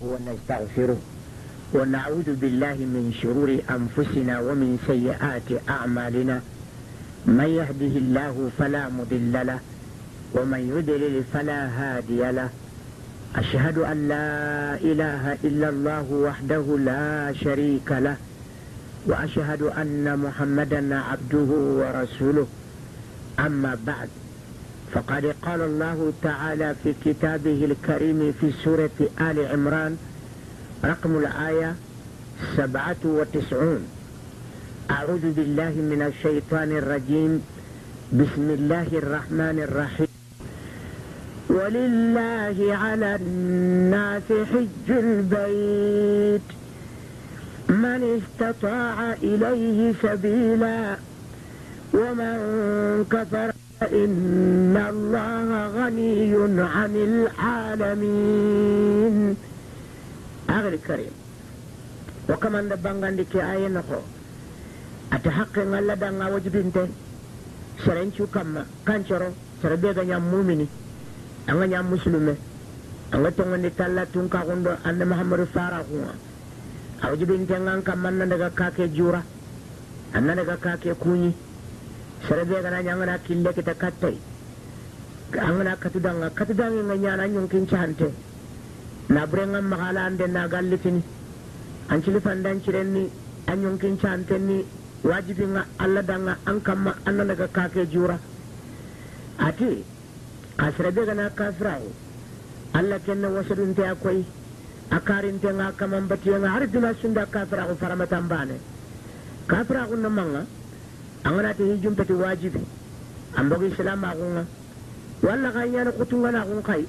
ونستغفره ونعوذ بالله من شرور أنفسنا ومن سيئات أعمالنا من يهده الله فلا مضل له ومن يضلل فلا هادي له أشهد أن لا إله إلا الله وحده لا شريك له وأشهد أن محمدا عبده ورسوله أما بعد فقد قال الله تعالى في كتابه الكريم في سورة آل عمران رقم الآية سبعة وتسعون أعوذ بالله من الشيطان الرجيم بسم الله الرحمن الرحيم ولله على الناس حج البيت من استطاع إليه سبيلا ومن كفر إن الله غني عن العالمين آخر الكريم وكمان دبانغان دي آية نخو إن الله دانا وجبينت سرنشو كما كانشرو سربيغا نعم مؤمني أنا نعم مسلمي أنا تنغني تالا تنكا غندو أن محمد فارا هو نعم كمان نندغا كاكي جورا أنا نندغا كاكي كوني sarabe gana nyangana kille kita kattai angana katudanga katudanga nga nyana nyunkin chante na burenga magala ande na gallitini ancili fandan cirenni anyunkin chantenni wajibi nga alla danga an kamma anna daga kake jura ati kasrabe gana kafiraye alla kenna wasadunte akoy akarinte nga kamambatiye nga har dina sunda kafiraku faramatan bane kafiraku namanga angana te hijum pete wajibi ambogi islam agunga walla kanya na kutunga na agun kai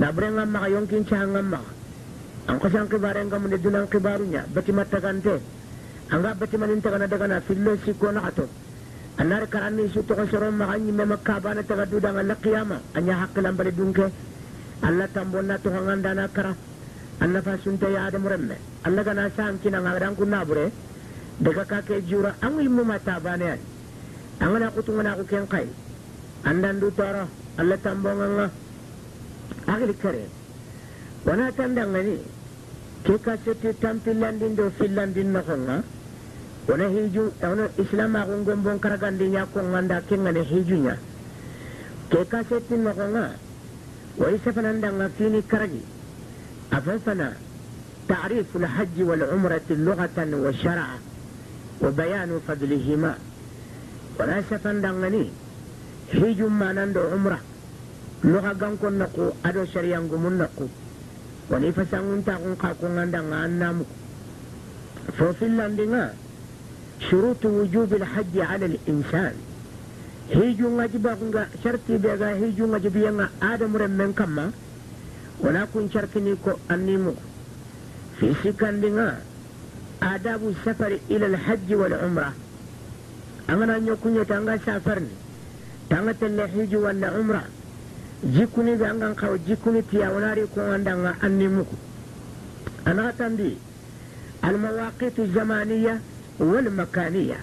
na burenga maka yonkin chahanga maka ang kasang kibaren ka muna dunang kibarunya bati matagante anga bati maninta kana dagana fillo siko na kato anar karami su to kasoro maka nyi mema kabana taga dudang ala kiyama anya hakilan bali dunke alla tambonna to hanganda na kara alla fasunta ya adam remme alla kana saam kinanga dan kunna bure baga ka ke jura mata muma tabane an angana kutu ngana ku ken kai andan du tara Allah tambonga nga akhir kare wana tandanga ni ke ka sete tampilandin do filandin na konga wana hiju wana islam a gon bon karagandi nya ko nganda ke ngane hiju nya ke ka sete na konga wai fanan dan na fini karagi afafana تعريف الحج والعمرة لغة وشرعا وبيان فضلهما ولا سفن دغني هيجو ما نندو عمره نوغا غانكو نقو ادو شريانغو من نقو وني فسانغون تاغون قاكو غاندان غانامو ففي اللاندنا شروط وجوب الحج على الإنسان هيجو غاجبا شرطي بيغا هيجو غاجبيا آدم رمين كما ولا كن شرطني أنيمو في سكان آداب السفر إلى الحج والعمرة أمر أن يكون تنغى سافرني تنغى تلحيج ولا عمرة جيكوني بأنغان قو جيكوني تياوناري كوان دنغى أني مكو أنا تندي المواقيت الزمانية والمكانية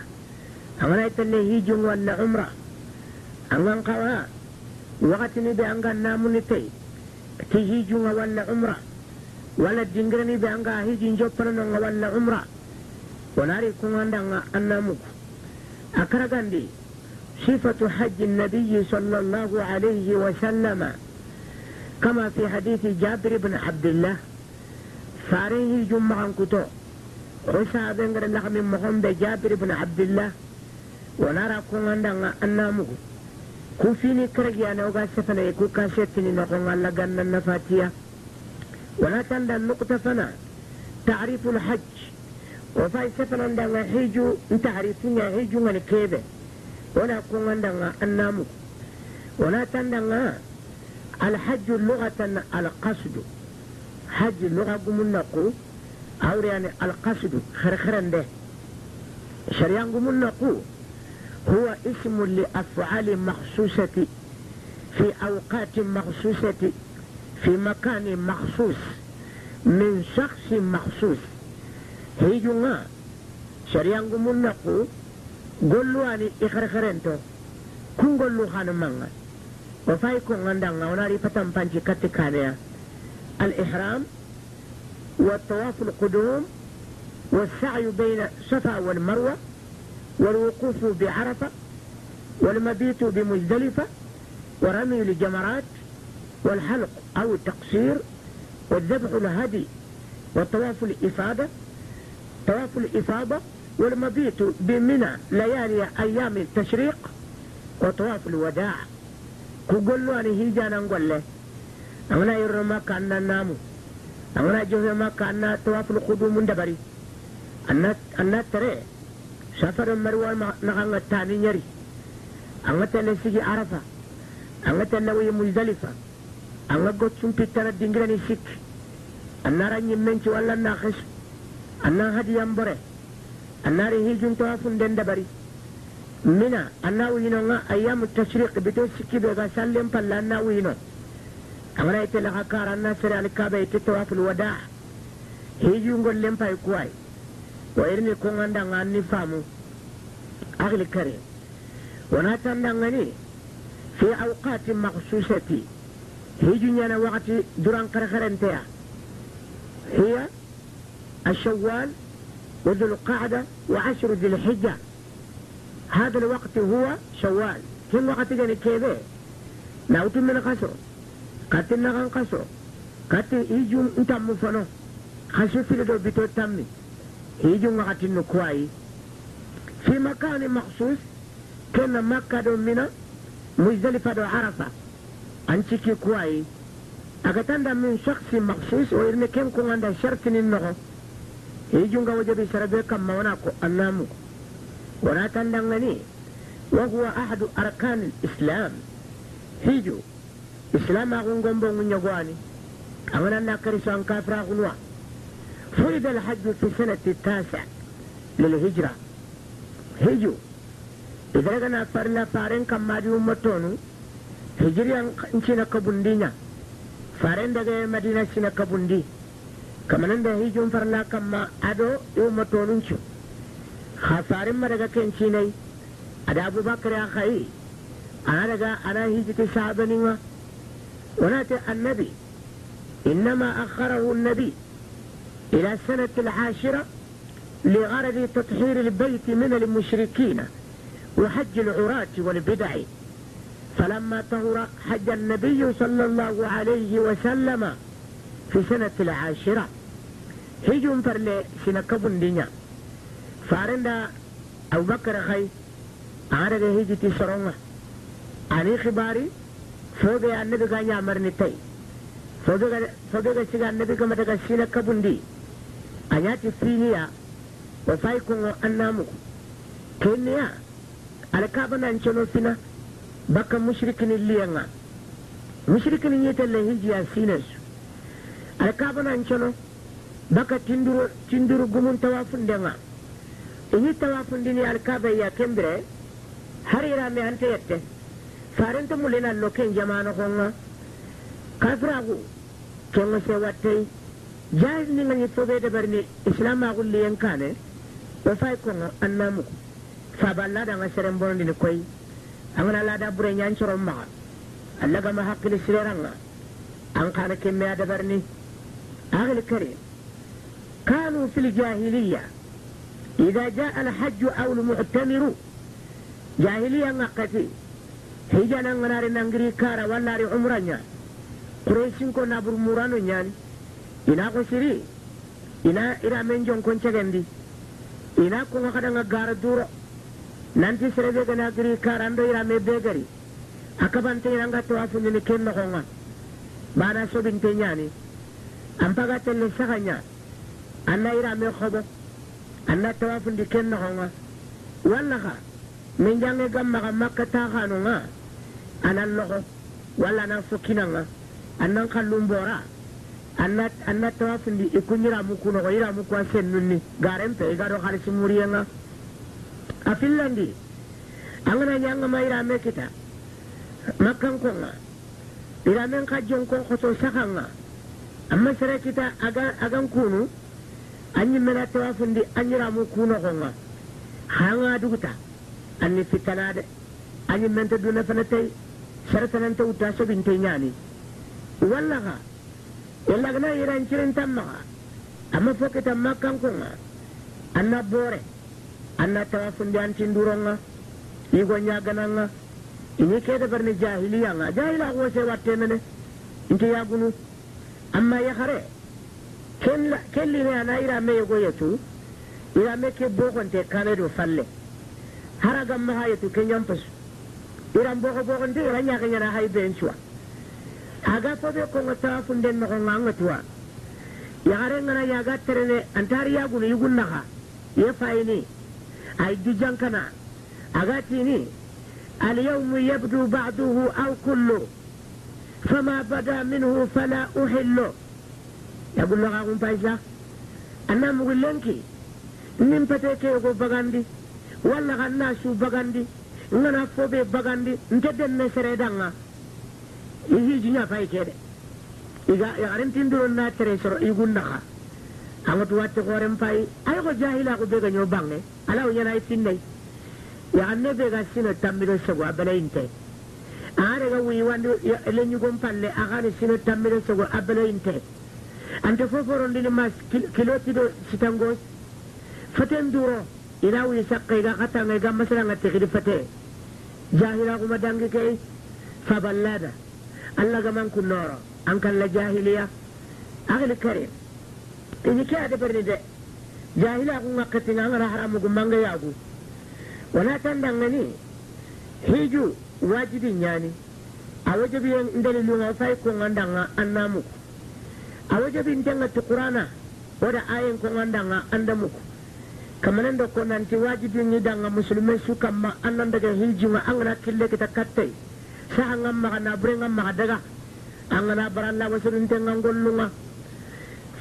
أمر تلحيج ولا عمرة أنغان قوها وقتني بأنغان نامني تي تهيج ولا ولا جنجرني بانغا هيجين جوبرنا ولا عمره وناري كمان أنامك أكرغاندي صفة حج النبي صلى الله عليه وسلم كما في حديث جابر بن عبد الله فاريه جمعا كتو عسى بنغر لغم محمد جابر بن عبد الله ونرى كمان أنامك كوفيني كرغيانا وغاسفنا يكو كاسيتني نقوم على جنة نفاتيه ولكن اللقطة فنا تعريف الحج وفاي سفنا دا وحيجو تعريفين هيجو من كيبة ولا كون عندنا النامو ولا تندنا الحج لغة القصد حج لغة قمناقو أو يعني القصد خرخرن ده شريان قمناقو هو اسم لأفعال مخصوصة في أوقات مخصوصة في مكان مخصوص من شخص مخصوص هيجونا شريانغو منقو قولوا أني إخرخرنتو كون قولوا خانو مانغا وفاي كون غندانغا وناري فتن بانجي كتكانيا الإحرام والطواف القدوم والسعي بين الصفا والمروة والوقوف بعرفة والمبيت بمزدلفة ورمي الجمرات والحلق أو التقصير والذبح الهدي والطواف الإفادة طواف الإفاضة والمبيت بمنى ليالي أيام التشريق وطواف الوداع كقولوا له أنا هيجانا نقول له أنا يرى ما كان نامو أنا جهة ما كان طواف القدوم دبري أنا أنا ترى سفر مروان نغانا التاني نري أنا تنسي عرفة أنا تلوي مزدلفة anga goccum pittana dingirani sikki annara ñimmenci walla na xes anna hadiyambore annari hijuntowa funden dabari mina anna wuyinonga ayyamu tashriq bito sikki ɓe ga sallen palla anna wuyino amana ite laxa kara anna sere alkaaba ite tawaful wada hijungol len pay kuway wa irini kongandanga anni faamu axili kare wona tandangani fi awqati maxsusati hiju ñana wakati duran تيا هي الشوال وذو القعدة وعشر ذي الحجة هذا الوقت هو شوال كم وقت جاني كيبه لو تمنا قصر قتلنا غن قصر قاتل إيجو انت مفنو خشو في لدو بيتو تامي إيجو وقت النكواي في مكان مخصوص كان مكة دو منا مزدلفة دو عرفة أنتك كواي أغتان من شخص مخصوص وإرنكم كون عند شرط النغو يجون وجب شربه كما وناكو النامو وناتان دنغني وهو أحد أركان الإسلام هيجو إسلام أغن قنبون نيغواني أولا ناكرس عن كافر أغنوا فرد الحج في السنة التاسع للهجرة هيجو إذا لقنا فرنا فارن كما دي أمتونو hijiriyan cina kabundi nya faren daga madina cina kabundi kamanan da hijin farla kama ado yau matonin ci hasarin ma daga kan cinai a da abubakar ya hayi ana daga ana hijita sabanin wa wana ta annabi innama akharahu annabi ila sanati al-ashira لغرض تطهير البيت من المشركين وحج العراة والبدع فلما طهر حج النبي صلى الله عليه وسلم في سنة العاشرة هجوم فرلي سنكبن دنيا فارندا أبو بكر خي عارض هجتي سرونة علي خباري فوق النبي كان يعمر نتاي فوق سيغا النبي كما تكا سنكبن دي أياتي فينيا وفايكم أنامو كينيا على كابنا انشنو فينا baka mushrikin liyan a mushrikin yi tallan hijiya sinas alkabanan cano baka tinduru gumun tawafin da ma in yi tawafin dini alkabai ya kembire har ira mai hanta yatte farin ta mulina lokin jama'a na konga kafiragu kenga sai wattai jahil ni ngani fobe da barni islam ma gulli yankane wa fai konga annamu fa balla da ngasaren bondi ni koyi angana la dabure nyan coron ma Allah ga mahaqqil siranga an kana kemme adabarni أهل الكريم كانوا في الجاهلية إذا جاء الحج أو المعتمر جاهلية نقتي هجانا نار نانجري كارا ونار عمرنا قريشين كنا برمورانو نيان إنا قشري إنا إنا من جون كون شغندي إنا كون غدا غار دورو nanti serebe gana giri karando ira me begari akabante iranga to afuni ni kenno konga bana so binte nyani ampaga telle saganya anna ira me khobo anna to afuni kenno konga walla ka min jange gamma ga makka ta khanu nga anan loho walla na fukina nga annan kallum bora anna anna to afuni ikunyira mukuno ira mukwa sennunni garempe igaro kharisi muriyenga ആ ഫിൻലാൻഡിൽ അങ്ങനെ ഞങ്ങമായിരാമേ കിട്ട മക്കം കൊങ്ങ ഇരാമേൻ കജ്ജം കൊങ്കോ സഹങ്ങ അമ്മ ചെറിയ കിട്ട അക അകം കൂണു അഞ്ഞിമ്മന തവാഫുണ്ടി അഞ്ഞിരാമു കൂണ കൊങ്ങ ഹാങ്ങാ ദുകുട്ട അന്നി ഫിത്തനാട് അഞ്ഞിമ്മൻ തദ്ദുന ഫനത്തെ ശരത്തനന്ത ഉദ്ദേശ ബിൻതെ ഞാനി വല്ലഹ ಎಲ್ಲಗನ ಇರಂಚಿರಿಂತಮ್ಮ ಅಮ್ಮ ಫೋಕಿತ ಮಕ್ಕಂ ಕುಂಗ ಅನ್ನ ಬೋರೆ anna tawafundi anti nduranga igo ñagananga ini kede barni jahiliyanga jahila wose watte mene inti yagunu amma yahare kelline ana irame yego yetu irame ke bogonte kame do falle hara gamma ha yetu ke ñampasu iran bogo bogonte ira ñakeñana hay ben cuwa aga fobe kongo tawafunden nogonga anga tuwa yahare ngana yaga terene antari yagunu yugun naha ye fayini أيدو جنكنا أغاتيني اليوم يبدو بعضه أو كله فما بدا منه فلا أحله يقول لغا قم بايزا أنا مقول لنك نم فتاكي يقول بغاندي ولا غنا بغاندي ngana fobe bagandi nte denne seredanga iji jinya fay kede iga yarintin duron na tere soro awatu wacce horen fayi ay ko jahila ko be ga nyo bangne ala o yana tinne ya anne be ga sino tammido sego abala inte are ga wi wandi le nyugo palle agare sino tammido sego abala inte ante foforo ndini mas kiloti do sitangos faten duro ina wi sakke ga katanga ga masala ngati khidi fate jahila ko madangi kay faballada alla ga man kunoro an kala jahiliya agli karim إذا برده جاهلا أقول قتنا أنا راح رامو قمان ياقو ولا تندعني هيجو واجبين يعني أوجبين عند اللغة فايكون عندنا أنامك أوجبين جنة القرآن ودا آيين كون عندنا أندمك كما نندكو نانتي واجبين يدانا مسلمين سوكا ما أنندك هيجو أنغنا كله كتكتي سأنغم مغنا برنغم مغدغا أنغنا برالله وسرنتنغم قلونا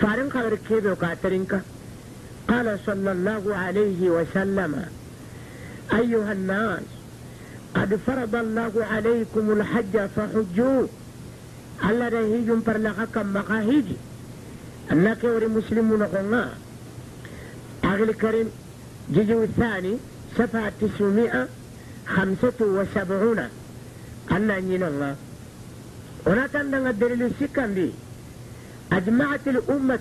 فارن قبر كيبه قاترينك قال صلى الله عليه وسلم أيها الناس قد فرض الله عليكم الحج فحجوا الله رهيج برلغك مقاهيج أنك وري مسلمون قلنا أغل كريم جيجو الثاني صفحة 975 أن الله ونتندن الدليل السكن دي أجمعت الأمة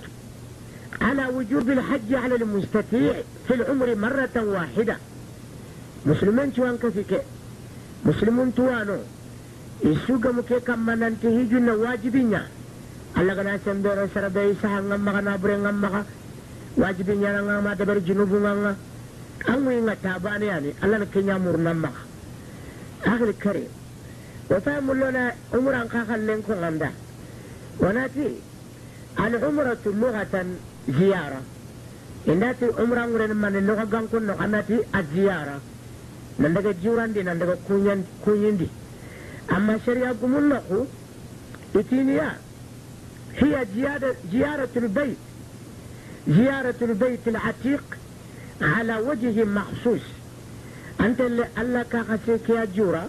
على وجوب الحج على المستطيع في العمر مرة واحدة مسلمين شوان كفيك مسلمون توانو يسوق مكيكا من انتهي جن واجبين الله غنا سندور سربي سهل نمغا نابرين نمغا واجبين يانا ما دبر جنوب نمغا أمو ينا تاباني يعني الله نكينا مور نمغا أخي الكريم وفهم لنا عمران خاخل لنكو غندا وناتي العمرة لغة زيارة إناتي عمرة ورن من اللغة قنقل نقمتي الزيارة نندق جيران دي نندق كونين كونين دي أما شريعة قمنا هو إتينيا هي زيارة, زيارة البيت زيارة البيت العتيق على وجه مخصوص أنت اللي الله كعسك يا جورا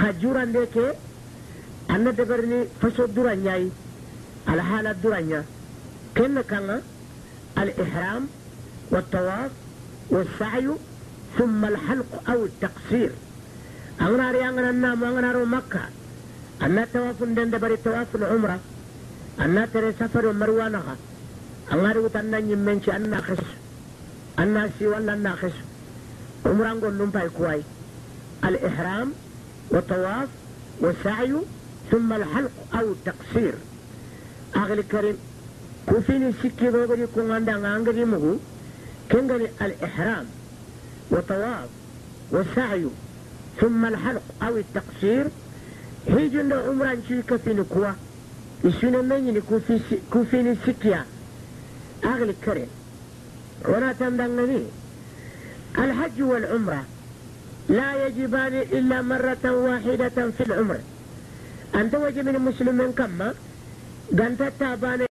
خجورا ديكي أنا دبرني فسدورا ياي على حالة درنيا كنا كنا الإحرام والطواف والسعي ثم الحلق أو التقصير أنا ري أنا النام أغنى رو مكة أنا تواف دند بري تواف العمرة أنا تري سفر مروانها أنا رو تنا نمنش أنا خش أنا سي ولا أنا عمران قول نقول لهم بايكواي الإحرام والطواف والسعي ثم الحلق أو التقصير أغلى كريم كفين الشكي غوغري كونغاندا غانغري مغو كنغري الإحرام وطواف والسعي ثم الحلق أو التقصير هيجن عمران شي كفين كوا يسونا يني كفين الشكيا أغلى كريم ولا تمدنني الحج والعمرة لا يجبان إلا مرة واحدة في العمر أنت من المسلمين كما don tattaba